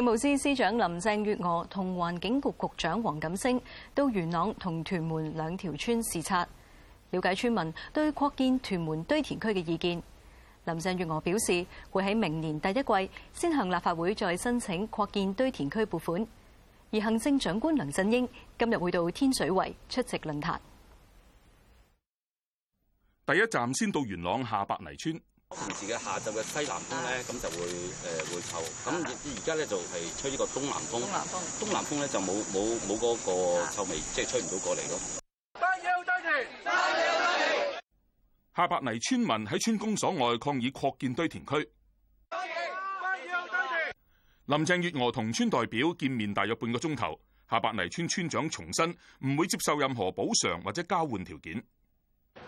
政務司司長林鄭月娥同環境局局長黃錦星到元朗同屯門兩條村視察，了解村民對擴建屯門堆填區嘅意見。林鄭月娥表示會喺明年第一季先向立法會再申請擴建堆填區撥款。而行政長官梁振英今日會到天水圍出席論壇。第一站先到元朗下白泥村。自嘅下晝嘅西南風咧，咁就會誒會臭。咁而而家咧就係吹呢個東南風，東南風咧就冇冇冇嗰個臭味，即係、啊就是、吹唔到過嚟咯。不要堆填，不要堆填。下白泥村民喺村公所外抗議擴建堆填區。林鄭月娥同村代表見面大約半個鐘頭。下白泥，泥，泥，泥，泥，泥村村長重申，唔會接受任何補償或者交換條件。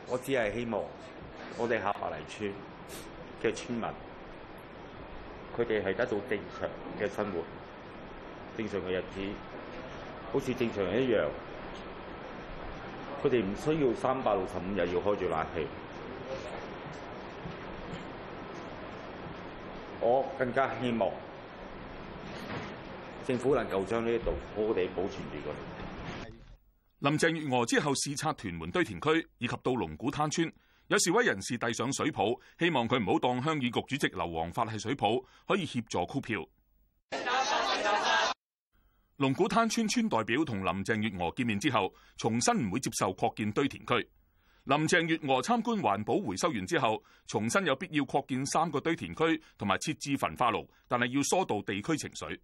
我只係希望我哋下白泥村。嘅村民，佢哋係得到正常嘅生活，正常嘅日子，好似正常人一樣。佢哋唔需要三百六十五日要開住冷氣。我更加希望政府能夠將呢一度好好地保存住佢。林鄭月娥之後視察屯門堆填區，以及到龍鼓灘村。有示威人士遞上水泡，希望佢唔好當鄉議局主席劉皇發係水泡，可以協助箍票。龍鼓灘村村代表同林鄭月娥見面之後，重申唔會接受擴建堆填區。林鄭月娥參觀環保回收園，之後，重申有必要擴建三個堆填區同埋設置焚化爐，但係要疏導地區情緒。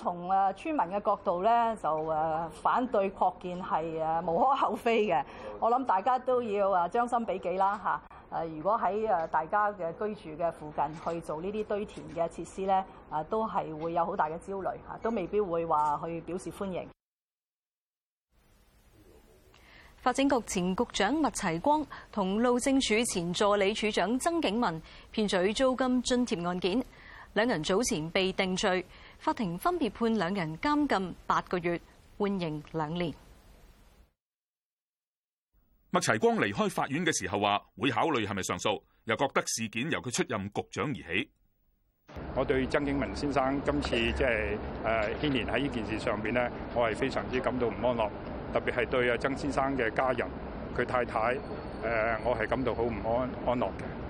從誒村民嘅角度咧，就誒反對擴建係誒無可厚非嘅。我諗大家都要誒將心比己啦嚇。誒如果喺誒大家嘅居住嘅附近去做呢啲堆填嘅設施咧，誒都係會有好大嘅焦慮嚇，都未必會話去表示歡迎。發展局前局長麥齊光同路政署前助理署長曾景文騙取租金津貼案件，兩人早前被定罪。法庭分別判兩人監禁八個月，緩刑兩年。麥齊光離開法院嘅時候話：會考慮係咪上訴，又覺得事件由佢出任局長而起。我對曾景文先生今次即係誒牽連喺呢件事上邊呢，我係非常之感到唔安樂，特別係對阿曾先生嘅家人，佢太太誒、啊，我係感到好唔安安樂嘅。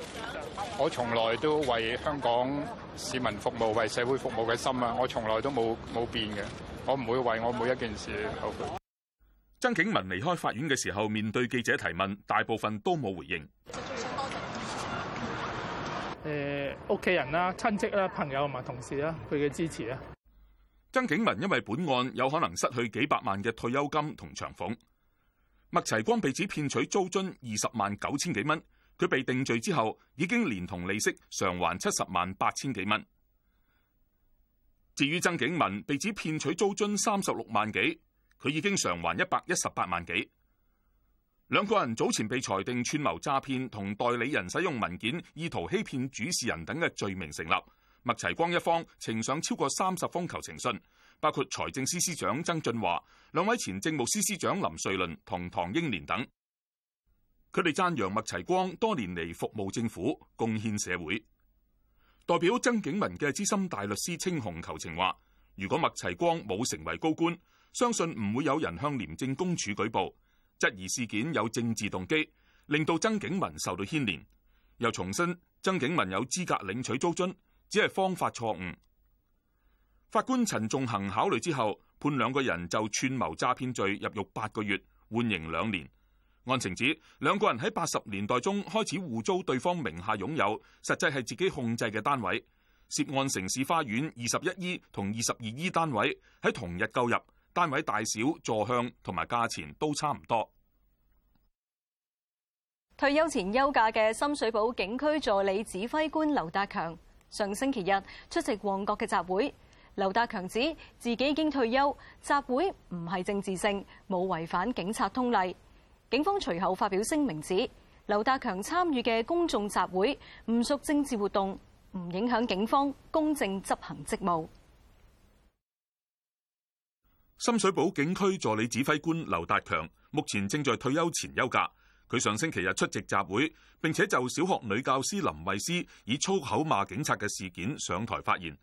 我從來都為香港市民服務、為社會服務嘅心啊！我從來都冇冇變嘅，我唔會為我每一件事後悔。曾景文離開法院嘅時候，面對記者提問，大部分都冇回應。誒、呃，屋企人啦、親戚啦、朋友同埋同事啊，佢嘅支持啊！曾景文因為本案有可能失去幾百萬嘅退休金同長俸，麥齊光被指騙取租金二十萬九千幾蚊。佢被定罪之後，已經連同利息償還七十萬八千幾蚊。至於曾景文被指騙取租金三十六萬幾，佢已經償還一百一十八萬幾。兩個人早前被裁定串謀詐騙同代理人使用文件意圖欺騙主事人等嘅罪名成立。麥齊光一方呈上超過三十封求情信，包括財政司司長曾俊華、兩位前政務司司長林瑞麟同唐英年等。佢哋讚揚麥齊光多年嚟服務政府，貢獻社會。代表曾景文嘅資深大律師清洪求情話：如果麥齊光冇成為高官，相信唔會有人向廉政公署舉報，質疑事件有政治動機，令到曾景文受到牽連。又重申曾景文有資格領取租津，只係方法錯誤。法官陳仲衡考慮之後，判兩個人就串謀詐騙罪入獄八個月，緩刑兩年。案情指，兩個人喺八十年代中開始互租對方名下擁有，實際係自己控制嘅單位。涉案城市花園二十一 E 同二十二 E 單位喺同日購入，單位大小、座向同埋價錢都差唔多。退休前休假嘅深水埗警區助理指揮官劉達強上星期日出席旺角嘅集會。劉達強指自己已經退休，集會唔係政治性，冇違反警察通例。警方隨後發表聲明指，劉達強參與嘅公眾集會唔屬政治活動，唔影響警方公正執行職務。深水埗警區助理指揮官劉達強目前正在退休前休假，佢上星期日出席集會，並且就小學女教師林慧思以粗口罵警察嘅事件上台發言。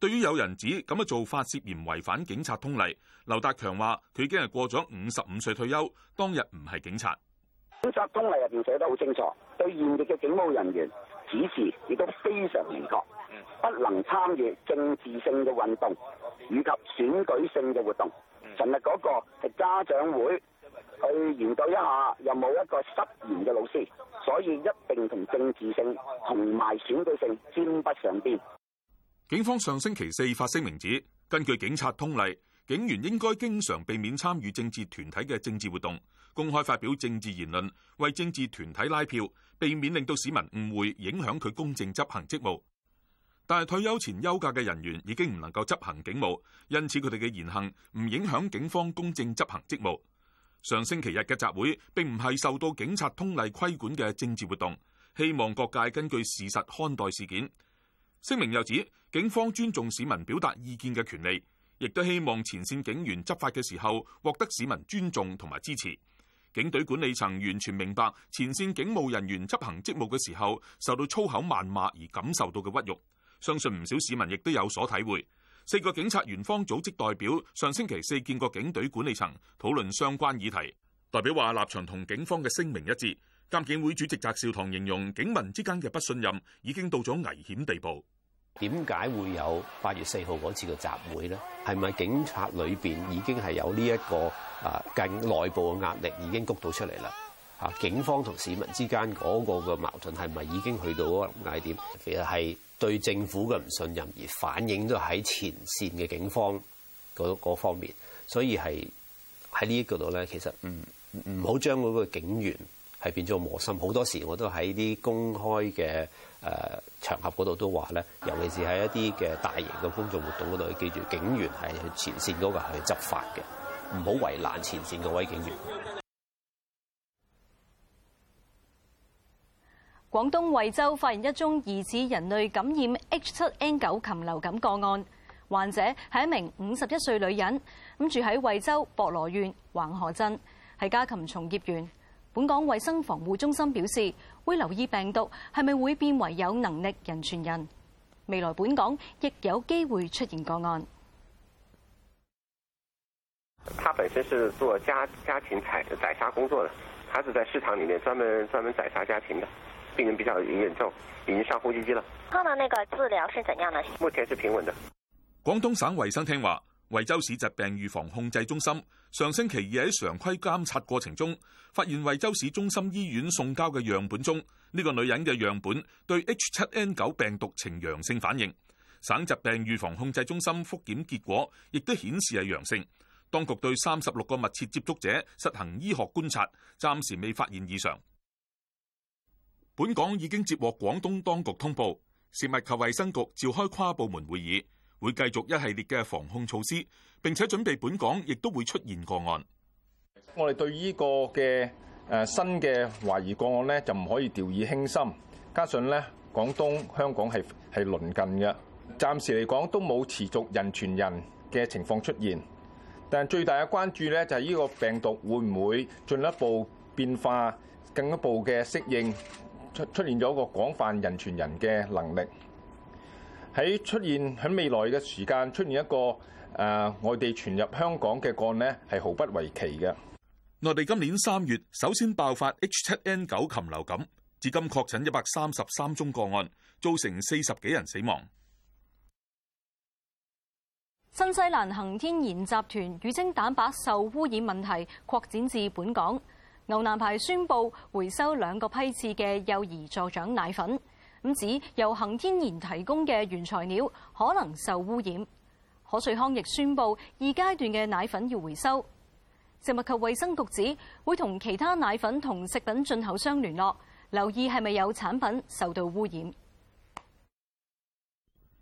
對於有人指咁嘅做法涉嫌違反警察通例，劉達強話：佢已經係過咗五十五歲退休，當日唔係警察。警察通例入邊寫得好清楚，對現役嘅警務人員指示亦都非常明確，不能參與政治性嘅運動以及選舉性嘅活動。尋日嗰個係家長會，去研究一下有冇一個失言嘅老師，所以一定同政治性同埋選舉性沾不上邊。警方上星期四發聲明指，根據警察通例，警員應該經常避免參與政治團體嘅政治活動，公開發表政治言論，為政治團體拉票，避免令到市民誤會，影響佢公正執行職務。但係退休前休假嘅人員已經唔能夠執行警務，因此佢哋嘅言行唔影響警方公正執行職務。上星期日嘅集會並唔係受到警察通例規管嘅政治活動，希望各界根據事實看待事件。聲明又指，警方尊重市民表達意見嘅權利，亦都希望前線警員執法嘅時候獲得市民尊重同埋支持。警隊管理層完全明白前線警務人員執行職務嘅時候受到粗口謾罵而感受到嘅屈辱，相信唔少市民亦都有所體會。四個警察員方組織代表上星期四見過警隊管理層討論相關議題，代表話立場同警方嘅聲明一致。監警會主席翟紹唐形容警民之間嘅不信任已經到咗危險地步。點解會有八月四號嗰次嘅集會咧？係咪警察裏邊已經係有呢、這、一個啊更內部嘅壓力已經谷到出嚟啦？嚇、啊，警方同市民之間嗰個嘅矛盾係咪已經去到嗰個臨界點？其實係對政府嘅唔信任而反映咗喺前線嘅警方嗰方面，所以係喺呢一個度咧，其實唔唔好將嗰個警員。係變咗磨心，好多時我都喺啲公開嘅誒場合度都話咧，尤其是喺一啲嘅大型嘅工作活動嗰度，記住警員係前線嗰個去執法嘅，唔好圍攔前線嗰位警員。廣東惠州發現一宗疑似人類感染 H 七 N 九禽流感個案，患者係一名五十一歲女人，咁住喺惠州博羅縣橫河鎮，係家禽從業員。本港衛生防護中心表示，會留意病毒係咪會變為有能力人傳人，未來本港亦有機會出現個案。他本身是做家家庭宰宰殺工作的，他是在市場裡面專門專門宰殺家禽的。病人比較嚴重，已經上呼吸機了。那個治療是怎樣呢？目前是平穩的。廣東省衛生廳話。惠州市疾病預防控制中心上星期二喺常規監察過程中，發現惠州市中心醫院送交嘅樣本中，呢、這個女人嘅樣本對 H 七 N 九病毒呈陽性反應。省疾病預防控制中心複檢結果亦都顯示係陽性。當局對三十六個密切接觸者實行醫學觀察，暫時未發現異常。本港已經接獲廣東當局通報，食物及衛生局召開跨部門會議。會繼續一系列嘅防控措施，並且準備本港亦都會出現個案。我哋對呢個嘅誒、呃、新嘅懷疑個案咧，就唔可以掉以輕心。加上咧，廣東香港係係鄰近嘅，暫時嚟講都冇持續人傳人嘅情況出現。但係最大嘅關注咧，就係、是、呢個病毒會唔會進一步變化、進一步嘅適應，出出現咗一個廣泛人傳人嘅能力。喺出現喺未來嘅時間出現一個誒外地傳入香港嘅個案呢，係毫不為奇嘅。內地今年三月首先爆發 H 七 N 九禽流感，至今確診一百三十三宗個案，造成四十幾人死亡。新西蘭恒天然集團乳精蛋白受污染問題擴展至本港，牛欄牌宣布回收兩個批次嘅幼兒助長奶粉。咁指由恒天然提供嘅原材料可能受污染。可瑞康亦宣布二階段嘅奶粉要回收。食物及衛生局指會同其他奶粉同食品進口商聯絡，留意係咪有產品受到污染。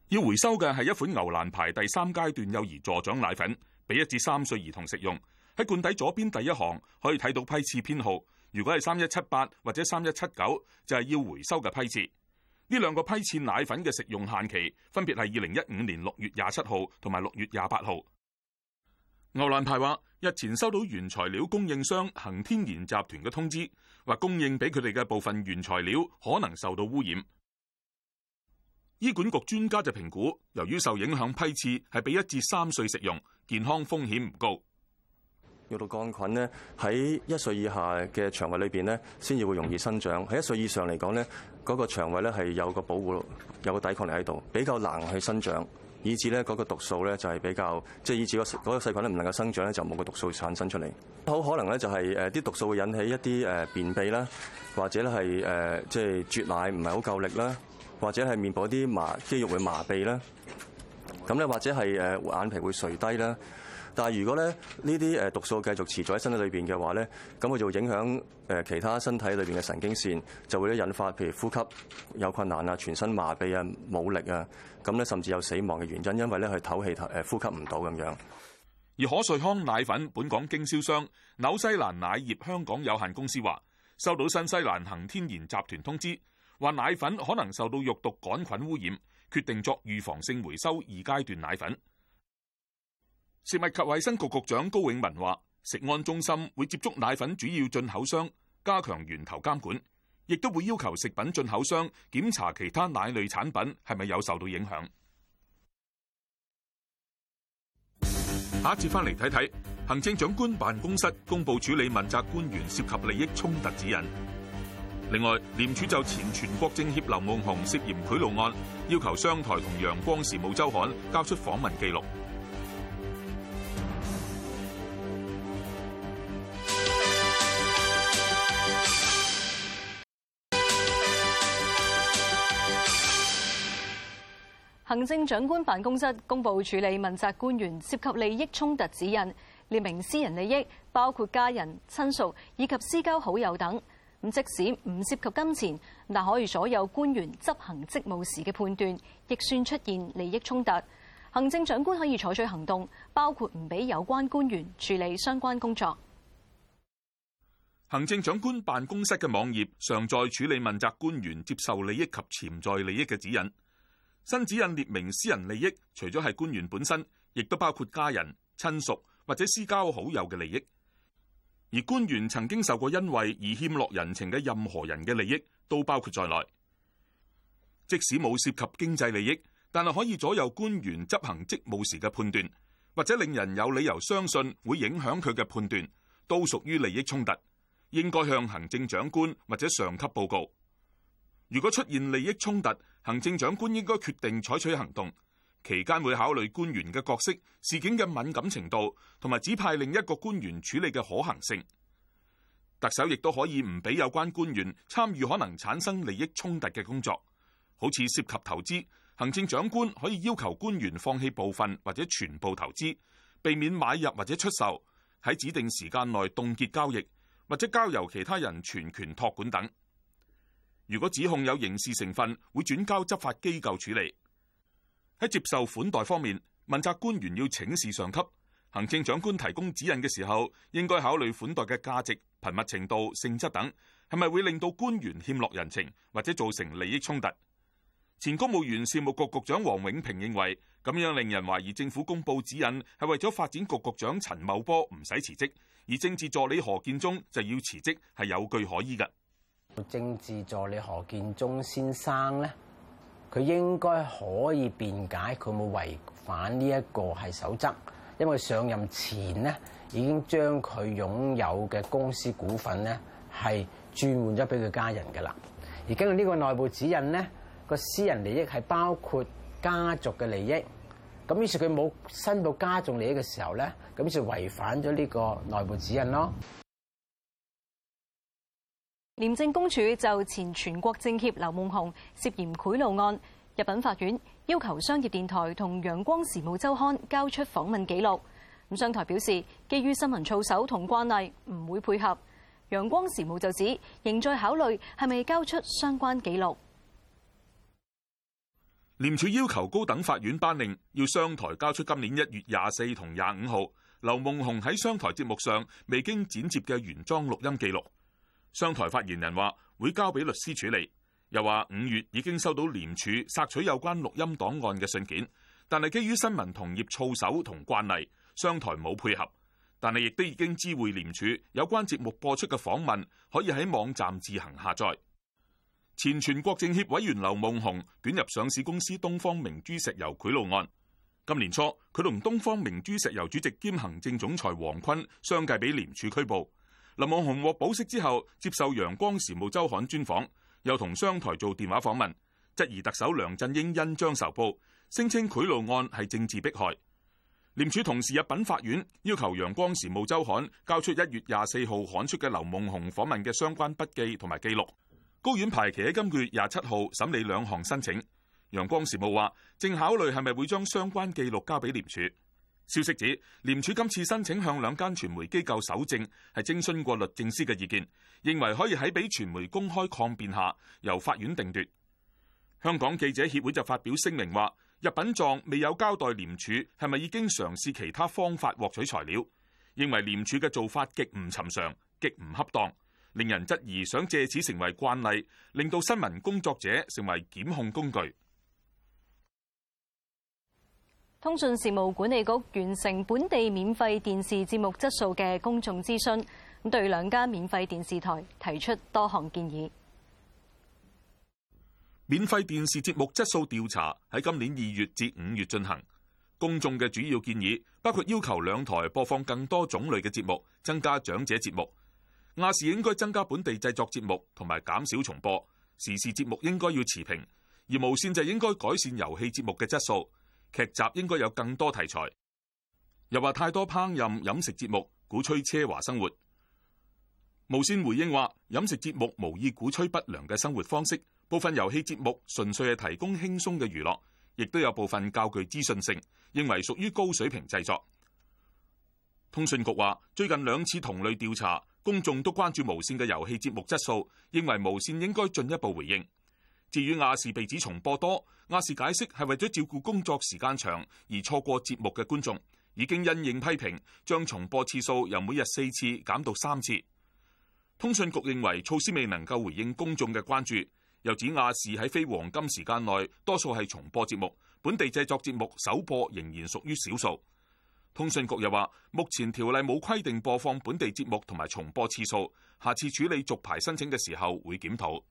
要回收嘅係一款牛欄牌第三階段幼兒助長奶粉，俾一至三歲兒童食用。喺罐底左邊第一行可以睇到批次編號，如果係三一七八或者三一七九，就係要回收嘅批次。呢兩個批次奶粉嘅食用限期分別係二零一五年六月廿七號同埋六月廿八號。牛欄牌話，日前收到原材料供應商恒天然集團嘅通知，話供應俾佢哋嘅部分原材料可能受到污染。醫管局專家就評估，由於受影響批次係俾一至三歲食用，健康風險唔高。肉毒杆菌咧喺一歲以下嘅腸胃裏面咧，先至會容易生長。喺一歲以上嚟講咧，嗰個腸胃咧係有個保護，有個抵抗力喺度，比較難去生長。以至咧嗰個毒素咧就係比較，即係以至個嗰個細菌咧唔能夠生長咧，就冇個毒素產生出嚟。好可能咧就係啲毒素會引起一啲誒便秘啦，或者咧係即係啜奶唔係好夠力啦，或者係面部啲麻肌肉會麻痹啦。咁咧或者係眼皮會垂低啦。但係如果咧呢啲誒毒素繼續持續在身體裏邊嘅話咧，咁佢就會影響誒其他身體裏邊嘅神經線，就會咧引發譬如呼吸有困難啊、全身麻痹啊、冇力啊，咁咧甚至有死亡嘅原因，因為咧佢唞氣頭呼吸唔到咁樣。而可瑞康奶粉本港經銷商紐西蘭奶業香港有限公司話，收到新西蘭恆天然集團通知，話奶粉可能受到肉毒桿菌污染，決定作預防性回收二階段奶粉。食物及衞生局局長高永文話：食安中心會接觸奶粉主要進口商，加強源頭監管，亦都會要求食品進口商檢查其他奶類產品係咪有受到影響。下一節翻嚟睇睇，行政長官辦公室公佈處理問責官員涉及利益衝突指引。另外，廉署就前全國政協劉夢熊涉嫌賄賂案，要求商台同《陽光時務周刊》交出訪問記錄。行政長官辦公室公布處理問責官員涉及利益衝突指引，列明私人利益包括家人、親屬以及私交好友等。咁即使唔涉及金錢，但可以所有官員執行職務時嘅判斷，亦算出現利益衝突。行政長官可以採取行動，包括唔俾有關官員處理相關工作。行政長官辦公室嘅網頁常在處理問責官員接受利益及潛在利益嘅指引。新指引列明，私人利益除咗係官員本身，亦都包括家人、親屬或者私交好友嘅利益；而官員曾經受過恩惠而欠落人情嘅任何人嘅利益，都包括在內。即使冇涉及經濟利益，但係可以左右官員執行職務時嘅判斷，或者令人有理由相信會影響佢嘅判斷，都屬於利益衝突，應該向行政長官或者上級報告。如果出現利益衝突，行政長官應該決定採取行動，期間會考慮官員嘅角色、事件嘅敏感程度同埋指派另一個官員處理嘅可行性。特首亦都可以唔俾有關官員參與可能產生利益衝突嘅工作。好似涉及投資，行政長官可以要求官員放棄部分或者全部投資，避免買入或者出售，喺指定時間內凍結交易或者交由其他人全權託管等。如果指控有刑事成分，會轉交執法機構處理。喺接受款待方面，問責官員要請示上級。行政長官提供指引嘅時候，應該考慮款待嘅價值、頻密程度、性質等，係咪會令到官員欠落人情或者造成利益衝突？前公務員事務局局，局長王永平認為，咁樣令人懷疑政府公布指引係為咗發展局局長陳茂波唔使辭職，而政治助理何建宗就要辭職，係有據可依嘅。政治助理何建宗先生咧，佢應該可以辯解佢冇違反呢一個係守則，因為上任前咧，已經將佢擁有嘅公司股份咧係轉換咗俾佢家人嘅啦。而根據呢個內部指引咧，個私人利益係包括家族嘅利益，咁於是佢冇申報家族利益嘅時候咧，咁於是違反咗呢個內部指引咯。廉政公署就前全國政協劉夢熊涉嫌賄賂案，入稟法院要求商業電台同陽光時務周刊交出訪問記錄。咁商台表示，基於新聞操守同慣例，唔會配合。陽光時務就指仍在考慮係咪交出相關記錄。廉署要求高等法院頒令，要商台交出今年一月廿四同廿五號劉夢熊喺商台節目上未經剪接嘅原裝錄音記錄。商台發言人話會交俾律師處理，又話五月已經收到廉署索取有關錄音檔案嘅信件，但係基於新聞同業操守同慣例，商台冇配合，但係亦都已經知會廉署有關節目播出嘅訪問可以喺網站自行下載。前全國政協委員劉夢熊捲入上市公司東方明珠石油賄賂案，今年初佢同東方明珠石油主席兼行政總裁黃坤相繼俾廉署拘捕。劉夢熊獲保釋之後，接受《陽光時務周刊》專訪，又同商台做電話訪問，質疑特首梁振英因章仇報，聲稱賄賂案係政治迫害。廉署同時入禀法院，要求《陽光時務周刊》交出一月廿四號刊出嘅劉夢熊訪問嘅相關筆記同埋記錄。高院排期喺今月廿七號審理兩項申請，《陽光時務》話正考慮係咪會將相關記錄交俾廉署。消息指，廉署今次申請向兩間傳媒機構搜證，係徵詢過律政司嘅意見，認為可以喺俾傳媒公開抗辯下，由法院定奪。香港記者協會就發表聲明話，入稟狀未有交代廉署係咪已經嘗試其他方法獲取材料，認為廉署嘅做法極唔尋常、極唔恰當，令人質疑想借此成為慣例，令到新聞工作者成為檢控工具。通訊事務管理局完成本地免費電視節目質素嘅公眾諮詢，對兩家免費電視台提出多項建議。免費電視節目質素調查喺今年二月至五月進行，公眾嘅主要建議包括要求兩台播放更多種類嘅節目，增加長者節目。亞視應該增加本地製作節目，同埋減少重播。時事節目應該要持平，而無線就應該改善遊戲節目嘅質素。劇集應該有更多題材，又話太多烹飪飲食節目鼓吹奢華生活。無綫回應話，飲食節目無意鼓吹不良嘅生活方式，部分遊戲節目純粹係提供輕鬆嘅娛樂，亦都有部分較具資訊性，認為屬於高水平製作。通訊局話，最近兩次同類調查，公眾都關注無綫嘅遊戲節目質素，認為無綫應該進一步回應。至於亞視被指重播多，亞視解釋係為咗照顧工作時間長而錯過節目嘅觀眾，已經因應批評，將重播次數由每日四次減到三次。通訊局認為措施未能夠回應公眾嘅關注，又指亞視喺非黃金時間內多數係重播節目，本地製作節目首播仍然屬於少數。通訊局又話，目前條例冇規定播放本地節目同埋重播次數，下次處理續牌申請嘅時候會檢討。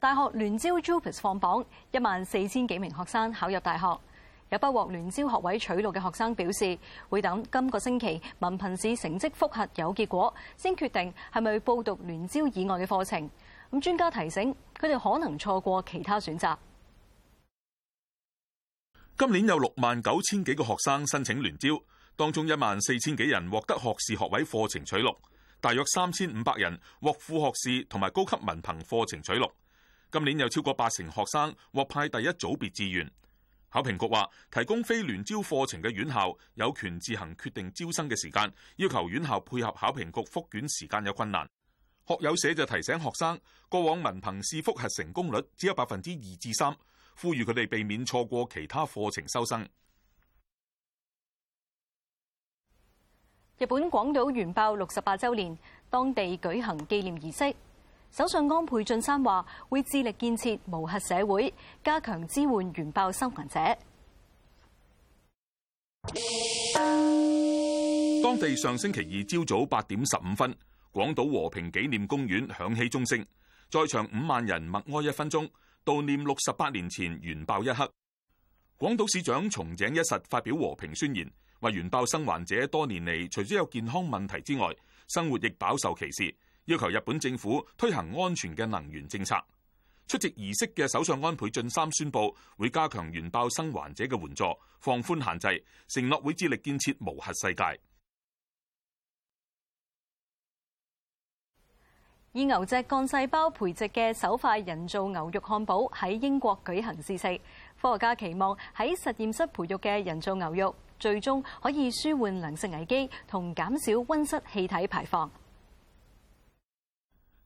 大學聯招 JUPAS 放榜，一萬四千幾名學生考入大學。有不獲聯招學位取錄嘅學生表示，會等今個星期文憑試成績複核有結果，先決定係咪報讀聯招以外嘅課程。咁專家提醒佢哋可能錯過其他選擇。今年有六萬九千幾個學生申請聯招，當中一萬四千幾人獲得學士學位課程取錄，大約三千五百人獲副學士同埋高級文憑課程取錄。今年有超過八成學生獲派第一組別志願。考評局話，提供非聯招課程嘅院校有權自行決定招生嘅時間，要求院校配合考評局復卷時間有困難。學友社就提醒學生，過往文憑試複核成功率只有百分之二至三，呼籲佢哋避免錯過其他課程收生。日本廣島原爆六十八週年，當地舉行紀念儀式。首相安倍晉三話會致力建設無核社會，加強支援原爆生還者。當地上星期二朝早八點十五分，廣島和平紀念公園響起鐘聲，在場五萬人默哀一分鐘，悼念六十八年前原爆一刻。廣島市長松井一實發表和平宣言，話原爆生還者多年嚟，除咗有健康問題之外，生活亦飽受歧視。要求日本政府推行安全嘅能源政策。出席儀式嘅首相安倍晉三宣布會加強原爆生還者嘅援助，放寬限制，承諾會致力建設無核世界。以牛隻幹細胞培植嘅首塊人造牛肉漢堡喺英國舉行試食。科學家期望喺實驗室培育嘅人造牛肉最終可以舒緩糧食危機同減少溫室氣體排放。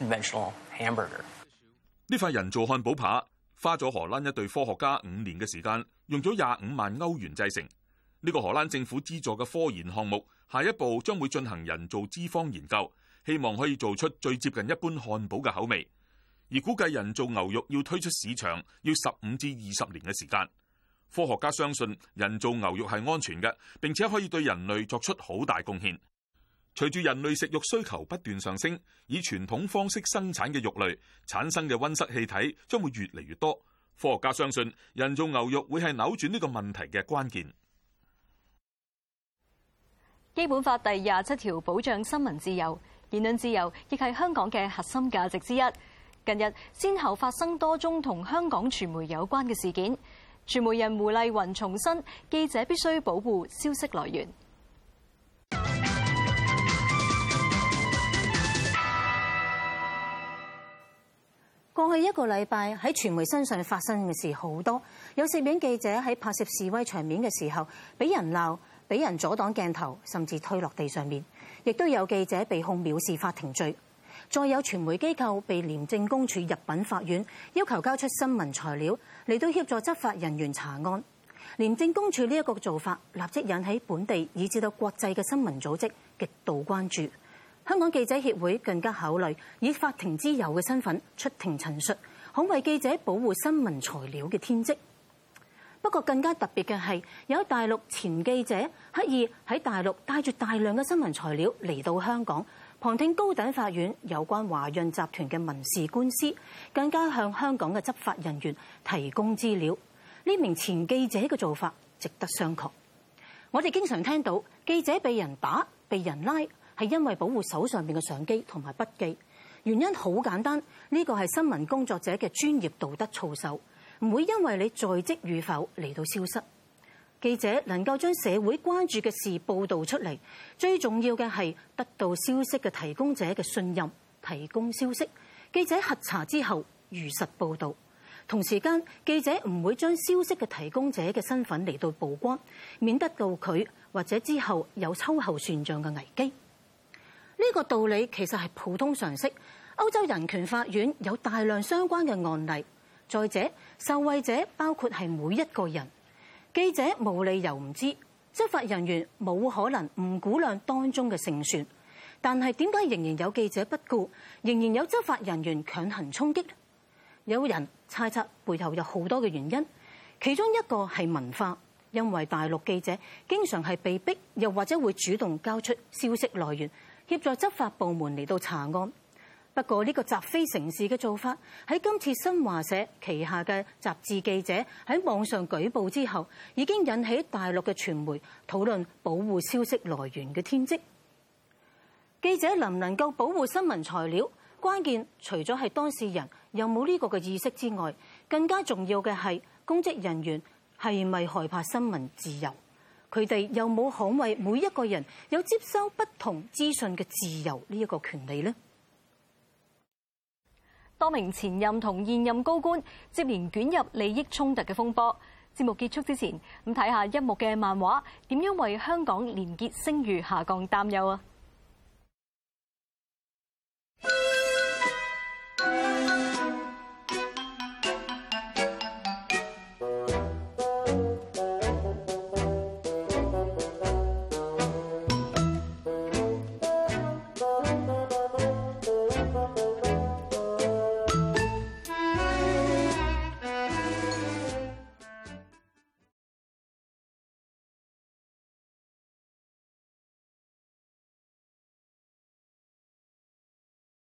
呢塊人造漢堡扒花咗荷蘭一對科學家五年嘅時間，用咗廿五萬歐元製成。呢、這個荷蘭政府資助嘅科研項目，下一步將會進行人造脂肪研究，希望可以做出最接近一般漢堡嘅口味。而估計人造牛肉要推出市場，要十五至二十年嘅時間。科學家相信人造牛肉係安全嘅，並且可以對人類作出好大貢獻。隨住人類食肉需求不斷上升，以傳統方式生產嘅肉類產生嘅溫室氣體將會越嚟越多。科學家相信，人造牛肉會係扭轉呢個問題嘅關鍵。基本法第廿七條保障新聞自由、言論自由，亦係香港嘅核心價值之一。近日先後發生多宗同香港傳媒有關嘅事件，傳媒人胡麗雲重申，記者必須保護消息來源。過去一個禮拜喺傳媒身上發生嘅事好多，有攝影記者喺拍攝示威場面嘅時候，俾人鬧、俾人阻擋鏡頭，甚至推落地上面；亦都有記者被控藐視法庭罪。再有傳媒機構被廉政公署入禀法院，要求交出新聞材料嚟到協助執法人員查案。廉政公署呢一個做法，立即引起本地以至到國際嘅新聞組織極度關注。香港記者協會更加考慮以法庭之友嘅身份出庭陳述，恐為記者保護新聞材料嘅天職。不過更加特別嘅係，有喺大陸前記者刻意喺大陸帶住大量嘅新聞材料嚟到香港旁聽高等法院有關華潤集團嘅民事官司，更加向香港嘅執法人員提供資料。呢名前記者嘅做法值得商榷。我哋經常聽到記者被人打、被人拉。係因為保護手上邊嘅相機同埋筆記，原因好簡單，呢、這個係新聞工作者嘅專業道德操守，唔會因為你在職與否嚟到消失。記者能夠將社會關注嘅事報導出嚟，最重要嘅係得到消息嘅提供者嘅信任，提供消息。記者核查之後，如實報導。同時間，記者唔會將消息嘅提供者嘅身份嚟到曝光，免得到佢或者之後有秋後算賬嘅危機。呢個道理其實係普通常識。歐洲人權法院有大量相關嘅案例。再者，受惠者包括係每一個人。記者冇理由唔知，執法人員冇可能唔估量當中嘅勝算。但係點解仍然有記者不顧，仍然有執法人員強行衝擊呢？有人猜測，背後有好多嘅原因，其中一個係文化，因為大陸記者經常係被逼，又或者會主動交出消息來源。協助執法部門嚟到查案，不過呢個積非成是嘅做法，喺今次新華社旗下嘅雜誌記者喺網上舉報之後，已經引起大陸嘅傳媒討論保護消息來源嘅天職。記者能唔能夠保護新聞材料，關鍵除咗係當事人有冇呢個嘅意識之外，更加重要嘅係公職人員係咪害怕新聞自由？佢哋有冇捍衛每一個人有接收不同資訊嘅自由呢一個權利咧？多名前任同現任高官接連捲入利益衝突嘅風波。節目結束之前，咁睇下一幕嘅漫畫，點樣為香港廉潔聲譽下降擔憂啊？